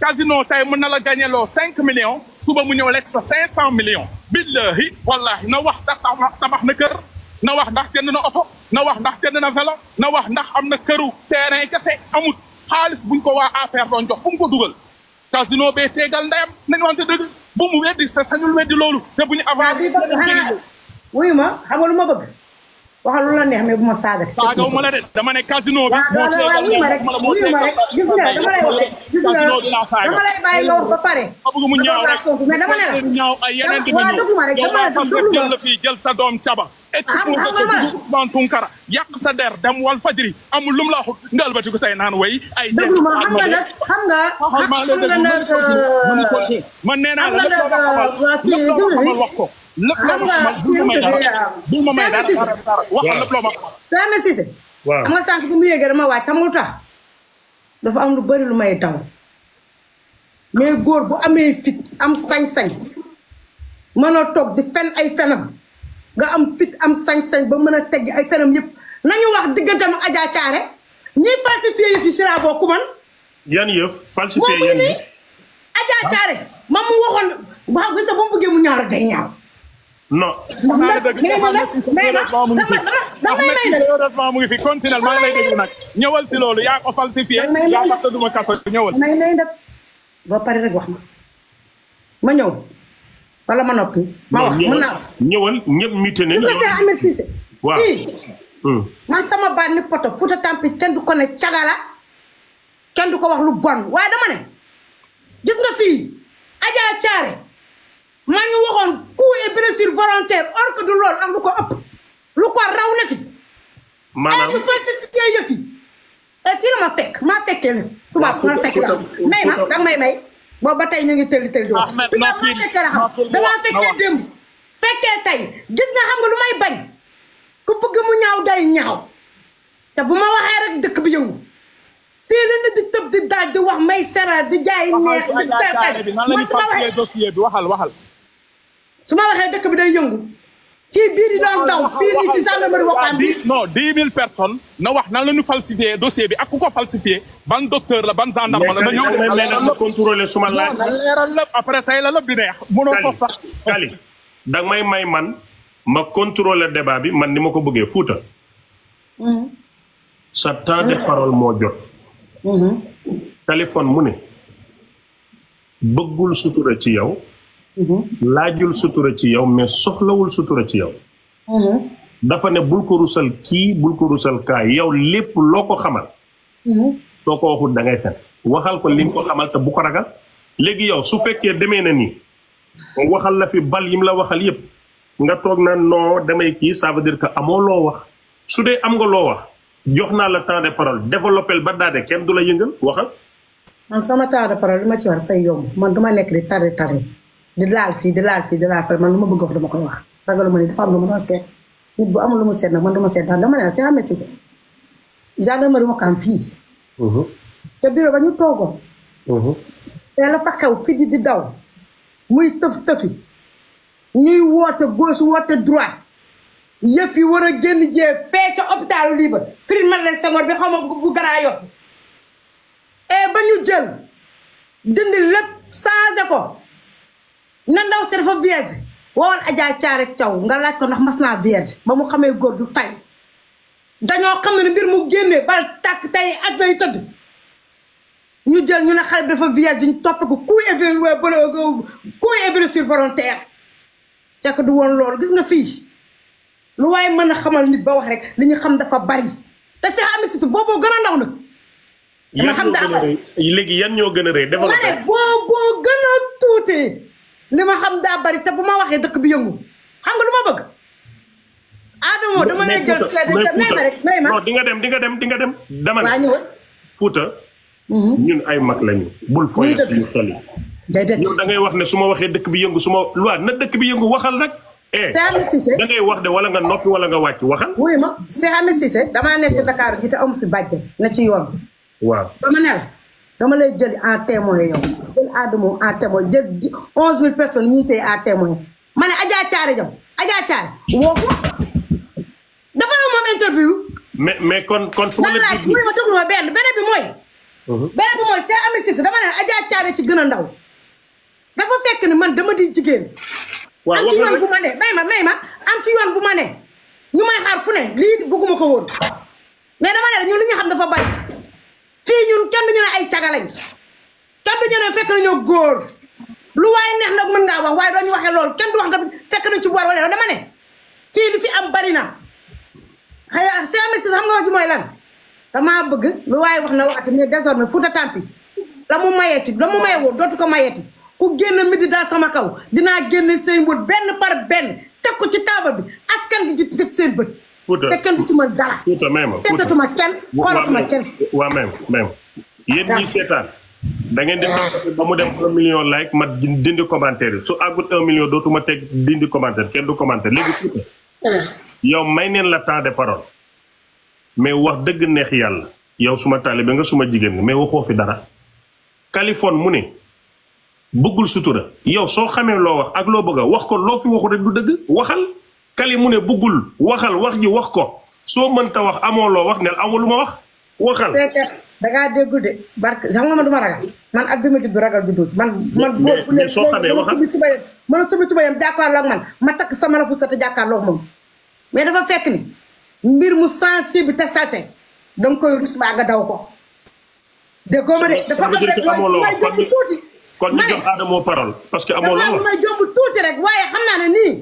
Casino tey mën na la gagné loo cinq millions suba mu ñëw lekk sa cinq cent millions billahi wallahi na wax ndax tabax na kër na wax ndax jënd na oto na wax ndax jënd na vélo na wax ndax am na këru terrain kese amut xaalis buñ ko waa a doon jox fu mu ko dugal Casino bee teegal ndeyam nañu wante dëgg bu mu weddi sa sañul weddi loolu te bu ñu avancé wuyu ma xam nga lu ma waxal lu la neex mais bu ma saaga. saaga wu ma la de dama ne casino bi. waaw waaw wuyu ma rek wuyu ma rek gis nga dama lay wax gis nga dama lay bàyyi nga wax ba pare. dama la tontu mais dama ne la dama ma rek dama la déglu ma. jël sa doom caba. exposé ko di Ousmane yàq sa der dem wal fajri amul lum laaxut nga albati ko tey naan way ay déglu ma xam nga nag nga xam nga ah, nag euh, man nee naa la ma xamal euh, wax ko tax dafa am lu bari lu may daw mais góor bu amee fit am sañ-sañ mën a toog di fen ay fenam nga am fit am sañ-sañ ba mën a tegg ay fenam yëpp nañu wax diggantam Adja Thiaré ñiy falsifié yëf yi Sira boo ku man yan yëf falsifié yan yi Adja Thiaré ma mu waxoon waaw gis nga ba mu bëggee mu ñaar day ñaaw non damay may heureusement mu ngi fi continuel maa ngi lay déglu nag ñëwal si loolu yaa ko falsifié yaa ko tëdduma kaso ñëwal may may ndab ba pare rek wax ma ma ñëw wala ma noppi. ma wax mën naa wax ñëwal ñëpp muté fii. Hmm. man sama baat ni poto Fouta Tampi kenn du ko ne cagala kenn du ko wax lu bon waaye dama ne gis nga fii Adja Thiaré maa ngi waxoon coup et volontaire or que du lool am lu ko ëpp lu ko raw na fi. maanaam ñu falsifié yëf yi et fii la ma fekk maa fekkee la. tubaab ma fekk la may may. boobu ba tey ñu ngi tëlli tëlli doo bia ah, maa fekkee la xam damaa fekkee démb fekkee tey gis nga xam nga lu may bañ ku bëgg mu ñaaw day ñaaw te bu ma waxee rek dëkk bi yëngu fii la di tëb di daal di wax may seral di jaay neex di tata bi nan la ñu waxal waxal su ma waxee dëkk bi day yëngu ci biir yi doon daw fii nii ci mille personnes na wax nan lañu ñu falsifié dossier bi ak ku ko falsifié ban docteur la ban gendarme la na ñëw de contrôler suma laaj la lépp neex mënoo foofu da may may man ma contrôler débat bi man ni ma ko bëggee fuuta hmm. sa temps de parole moo jot hmm. téléphone mu ne bëggul sutura ci yow Mhm. lajul sutura ci yow mais soxlawul sutura ci yow mhm. dafa ne bul ko rusal ki bul ko rusal ka yow lepp loko xamal to mhm. ko waxul da ngay fen waxal ko lim ko xamal te bu ko ragal yow su fekke demee na ni waxal la fi bal yim la waxal yépp nga tok na no damay ki ça veut dire que amo lo wax su dee am nga lo wax joxna la temps de parole développel ba daade kenn dula la yëngal waxal man sama temps de parole ma ci war fay yom man duma nek di tari tari di laal fii di laal fii di laal fii man lu ma bëgg wax dama koy wax ragaluma ni dafa am lu ma doon seet nit lu mu seet nag man dama seet dama ne la c'est Ahmed Cissé gendarmerie ma ko am fii. Mhm. te bureau ba ñu toogoon. Mhm. te xew fi di daw muy tëf tëfi ñuy woote gauche woote droite yëf war a génn jee fee ca hôpitalu lii ba Firi Madeleine Senghor bi xaw ma bu garaa yox eh, ba ñu jël dindi lépp changé ko. na ndaw si dafa vierge woowal Adja Caare Caw nga laaj ko ndax mas naa vierge ba mu xamee góor du tay dañoo xam ne mbir mu génnee bal tàkk tay at lay tëdd ñu jël ñu ne xale bi dafa vierge ñu topp ko coup et blessure euh, volontaire fekk du woon loolu gis nga fii lu waaye mën a xamal nit ba wax rek li ñu xam dafa bari te am Ahmed Cissé booboo gën a ndaw nag. dama yan ñoo gën a rëy. defal ko boo boo gën tuuti. ne ma xam da bari te buma waxe dekk bi yëngu xam nga luma bëgg. Adamo dama lay jël may ma rek may ma non di nga dem di nga dem di nga dem. dama ñu Fouta. Mhm. ñun ay mak lañu. bul foye suñu xel yi. ñu da ngay wax ne suma waxe dekk bi yëngu suma loi na dekk bi yëngu waxal nak eh da ngay wax de wala nga nopi wala nga wacc waxal. oui ma Cheikh Ahmed Cissé dama nekk Dakar gi te amu fi bàjjen na ci yoon. waaw dama nel dama lay jël en témoin yow. jël Adamo en témoin jël onze mille personnes ñu tey en témoin ma ne Adja dafa mais kon kon su ma la ma déglu ma mhm. ci gën a ndaw fekk ni man dama di jigéen. waaw am ci yoon bu ma ne may ma am ci bu ma ñu may xaar fu ne lii bëgguma ko woon mais dama ne ñun li ñu xam dafa bari fii ñun kenn ñu ne ay cagalañ kaddu ñeneen fekk nañoo góor lu waaye neex nag mën ngaa wax waaye doo ñu waxee loolu kenn du wax tamit fekk nañ ci boor wala dama ne fii fi am bari na xëy na CMS xam nga wax ji mooy lan damaa bëgg lu waaye wax na waxati mais désormais Fouta Tampi la mu mayeeti la mu maye woon dootu ko mayeeti ku génn midi daal sama kaw dinaa génn seen bët benn par benn teg ko ci taabal bi askan gi ci teg seen bët. Fouta te kenn du ci mën dara. Fouta même Fouta kenn xoolatuma da ngeen di toog ba mu dem un million like ma dindi commentaire yi su àggut un million dootuma teg dindi commentaire kenn du commentaire léegi tuuti yow may neen la temps de parole mais wax dëgg neex yàlla yow suma taalibe nga suma jigéen nga mais waxoo fi dara Kaliphone mu ne bëggul sutura yow soo xamee loo wax ak loo bëgg a wax ko loo fi waxu rek du dëgg waxal Kali mu ne bëggul waxal wax ji wax ko soo mënta wax amoo loo wax nel amul lu ma wax waxal da ngaa dégg de barke sax nga man du ma ragal man at bi ma ragal juddoo man. man góor bu ne soo xamee waxal man tubayam man sama tubayam jàkkaarloog man ma takk sama la fu sa te jàkkaarloog moom. mais dafa fekk ni mbir mu sensible te salte da nga koy rus maa nga daw ko. déggoo ma de dafa am rek waaye jomb tuuti. kon ñu jox Adamo parole parce que amoo la wax dafa jomb tuuti rek waaye xam naa ne nii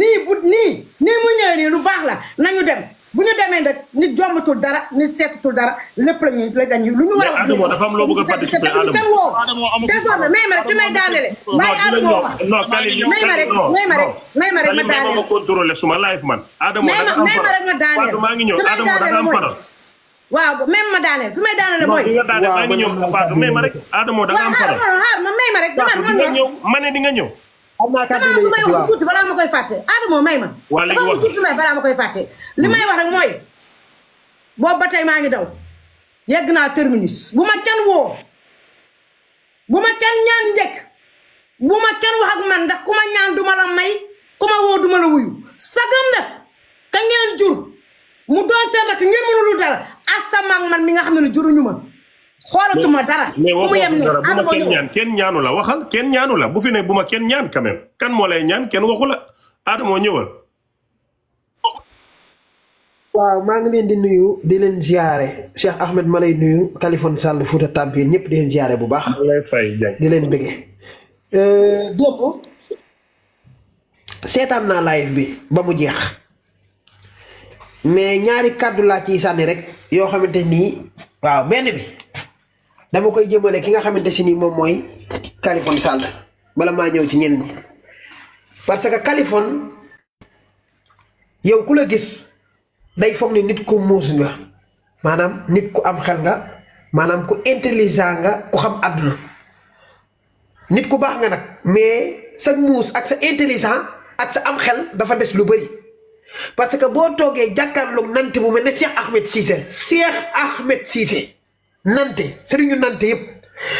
nii bu nii nii mu ñëwee nii lu baax la nañu dem bu ñu demee nag. nit jommatul dara nit seetatul dara lépp la ñuy la dañuy lu ñu war a wax dafa am loo bëgg a participer Adamo désormais may ma rek fi may daanele maay ma rek ma rek may ma rek ma daanele ma contrôler suma live man Adamo may ma rek ngi da nga am parole waaw même ma daaneel fi may daaneel mooy. waaw ma ma rek. Adamo da nga am parole waaw xaaral ma may ma rek. damaa ma ne di nga ñëw. am tuuti ma koy fàtte Adamo may ma. waaw léegi ma koy fàtte. li hmm. may wax rek mooy. boobu ba tey maa ngi daw yegg naa terminus bu ma kenn woo bu ma kenn ñaan njëkk bu ma kenn wax man ndax ku ñaan duma la may ku ma woo duma la wuyu sagam nag ka ngeen jur mu doon seen nag ngeen mënulu dara asamaak man mi nga xam ne juruñu ma xoolatuma dara mais waxoo dara bu ma kenn ñaan kenn ñaanu la waxal kenn ñaanu la bu fi ne bu ma kenn ñaan quand kan moo lay ñaan kenn waxu la aadamoo ñëwal waaw maa ngi leen di nuyu di leen ziare Cheikh Ahmed ma lay nuyu Kaliphone Sall Fouta Tampi ñëpp di leen ziare bu baax. di leen bëgge. Euh, démb seetaan naa live bi ba mu jeex mais ñaari kàddu laa ciy sànni rek yoo xamante nii waaw benn bi dama koy jëmale ki nga xamante si nii moom mooy Kaliphone Sall bala maa ñëw ci ñenn ñi parce que kalifon yow ku la gis. day foog ne nit ku muus nga maanaam nit ku am xel nga maanaam ku intelligent nga ku xam àdduna nit ku baax nga nag mais sa muus ak sa intelligent ak sa am xel dafa des lu bëri parce que boo toogee jàkkaarloog nante bu mel ne Cheikh Ahmed Cissé Cheikh Ahmed Cissé nante sëriñu nante yëpp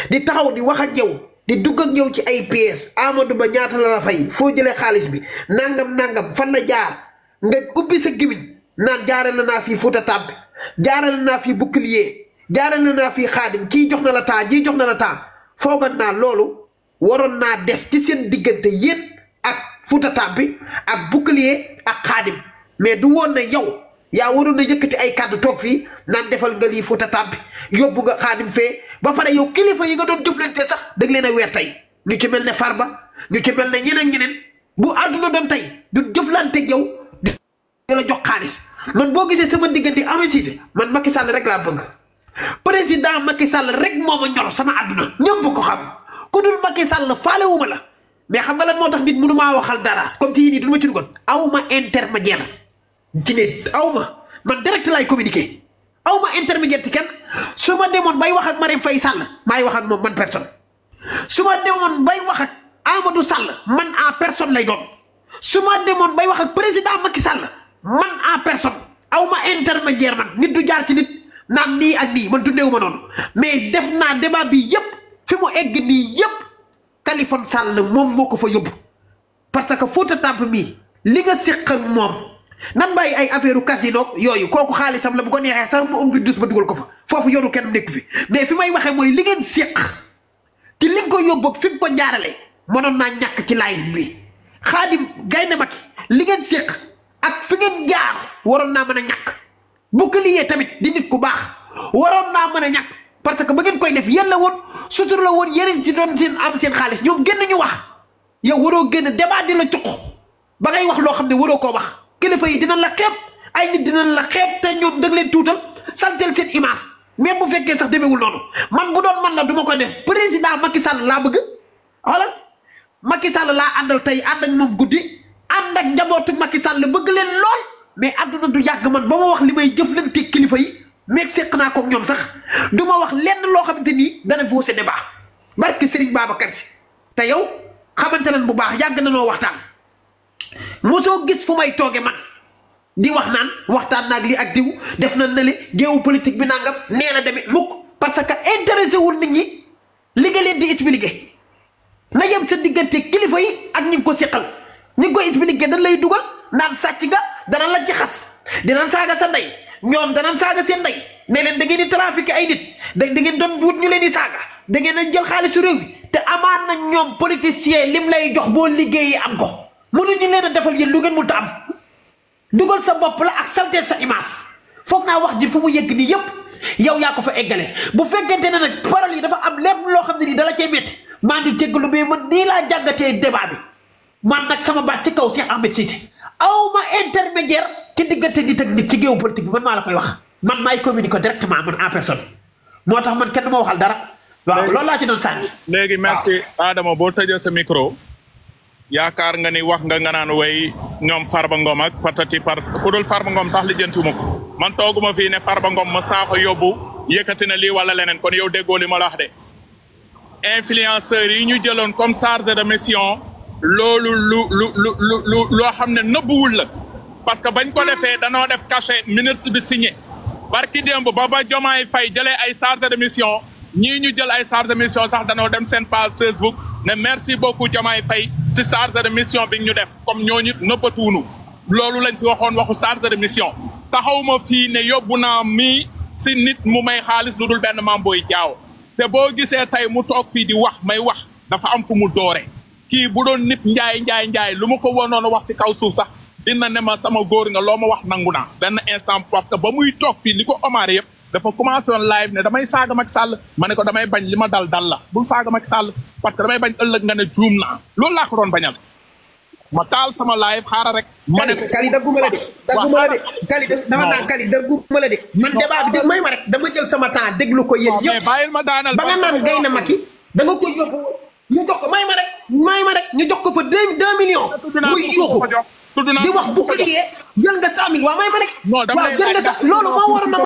di taxaw di wax a yow di dugg ak yow ci ay pièces Amadou Ba ñaata la la foo jëlee xaalis bi nangam nangam fan la jaar nga ubbi sa gémmiñ naan jaarale naa fii Fuuta Tàmpi jaarale naa fii Bouclier na naa fii Xaadim kii jox na la temps jii jox na la temps foogoon naa loolu waroon naa des ci seen diggante yéen ak Fuuta Tàmpi ak Bouclier ak Xaadim mais du woon ne yow yaa waroon na yëkkati ay kàddu toog fii naan defal nga lii Fuuta Tàmpi yóbbu nga Xaadim fee ba pare yow kilifa yi nga doon jëflante sax dëgg leen a weer tey ñu ci mel ne Farba ñu ci mel ne ñeneen ñeneen bu àdduna doon tey du jëflante yow. la jox xaliss man bo gisee sama diggante amé ci man Macky Sall rek la bëgg président Macky Sall rek moma ñor sama aduna ñepp ko xam ku dul Macky Sall faalé wu ma la mais xam nga lan motax nit mënu maa waxal dara comme ci ni nii ma ci dugal awuma intermédiaire ci nit awuma man direct lay communiquer awuma intermédiaire ci kenn suma ma bay wax ak Marie Faye Sall may wax ak mom man personne suma ma bay wax ak Amadou Sall man a personne lay doon suma ma bay wax ak président Macky Sall. man en personne aw ma intermédiaire man nit du jaar ci nit naan nii ak nii man dundeewu ma noonu mais def naa débat bi yëpp fi mu egg nii yëpp Khaliphone Sall moom moo ko fa yóbbu parce que Fouta Tamp mii li nga séq ak moom nan bàyyi ay affaire casino yooyu kooku sam la bu ko neexee sax mu umbi dus ba dugal ko fa foofu yoonu kenn nekk fi mais fi may waxee mooy li ngeen séq ci li nga ko yóbbu ak fi mu ko jaarale mënoon naa ñàkk ci live bi Khadim Gaynde li ngeen séq ak fi ngeen jaar waroon naa mën a ñàkk bouclier tamit di nit ku baax waroon naa mën a ñàkk parce que ba ngeen koy def yéen la woon sutur la woon yeneen ci doon seen am seen xaalis ñoom génn ñu wax yow waroo génn demaa di la cuq ba ngay wax loo xam ne waroo koo wax kilifa yi dina la xeeb ay nit dina la xeeb te ñoom da leen tuutal saltel seen image même bu fekkee sax demewul noonu man bu doon man la du ma ko def président Macky Sall laa bëgg xoolal Macky Sall laa àndal tey ànd ak moom guddi. ànd ak njabootu Macky Sall bëgg leen lool mais adduna du yàgg man ba ma wax li may jëflante kilifa yi meeg seq naa koog ñoom sax du ma wax lenn loo xamante ni dana faussé débat barke Serigne Babacar si te yow xamante leen bu baax yàgg na noo waxtaan mosoo gis fu may tooge man di wax naan waxtaan naag lii ak diw def na ne le géewu politique bi nangam nee na demee mukk parce que intéressé wul nit ñi li nga leen di expliqué na yem sa diggante kilifa yi ak ñi ko seqal. ko koy expliquer dañ lay duggal nan danan ga dana la ci xas dinañ saaga sa ndey ñoom danañ saaga sen nday ne len da ngeen di trafiquer ay nit da ngeen don wut ñu len di saaga da ngeen na jël xaalisu rew bi te amana na ñoom lim lay jox bo liggey am ko munu ñu leena defal yéen lu ngeen ta am duggal sa bop la ak salté sa image fokk na wax ji fu mu yegg ni yépp yow ya ko fa égalé bu fekkenté na nak parole yi dafa am lepp lo xamni dala cee métti maa ngi jéggalu mais man la laa débat bi man nak sama batti kaw cheikh ahmed cissé ma intermédiaire ci digënté nit ak nit ci politique man ma la koy wax man may communiquer directement man en personne motax man kenn mo waxal dara waaw loolu laa ci don sañ légui merci adama bo tëjee sa micro yaakaar nga ni wax nga nga nan way ñom farba ngom ak patati par ku dul farba ngom sax li jëntuma mako man toguma fi ne farba ngom ma saafa yóbbu yëkkati na li wala lenen kon yow déggoo li ma la wax de influenceur yi ñu jëlone comme charge de mission lu parce que bagn ko defé danoo def caché ministre bi signé barki Baba ay de mission ñi ñu jël ay charge de mission sax dem Facebook merci beaucoup jomay fay si charge de mission bi ñu def comme ñooñu nu lolu lañ fi waxu de mission taxawuma fi ne yobuna mi si nit mu may xaliss lu ben mamboy Mame té bo tay mu di wax may wax dafa am kii bu doon nit njaay njaay njaay lu ma ko wanoon wax si kaw suuf sax dina ne ma sama góor nga loo ma wax nangu naa benn instant ba muy toog fii li ko Omar yëpp ma ne ko damay bañ ma dal dal la bul saaga Macky Sall parce que damay bañ ëllëg nga ne juum naa loolu laa ko doon bañal ma taal sama live rek. ma ne ko Kali dagguma la de. dagguma la de Kali dama naan Kali dagguma la de. man débat bi de may ma rek dama jël sama temps déglu ko yéen yëpp. ba nga naan gay na Macky da nga ñu jox ko may ma rek may ma rek ñu jox ko fa deux deux millions. muy yuuxu di wax bu kër jël nga cent mille waaw may ma rek. waaw jël nga sa loolu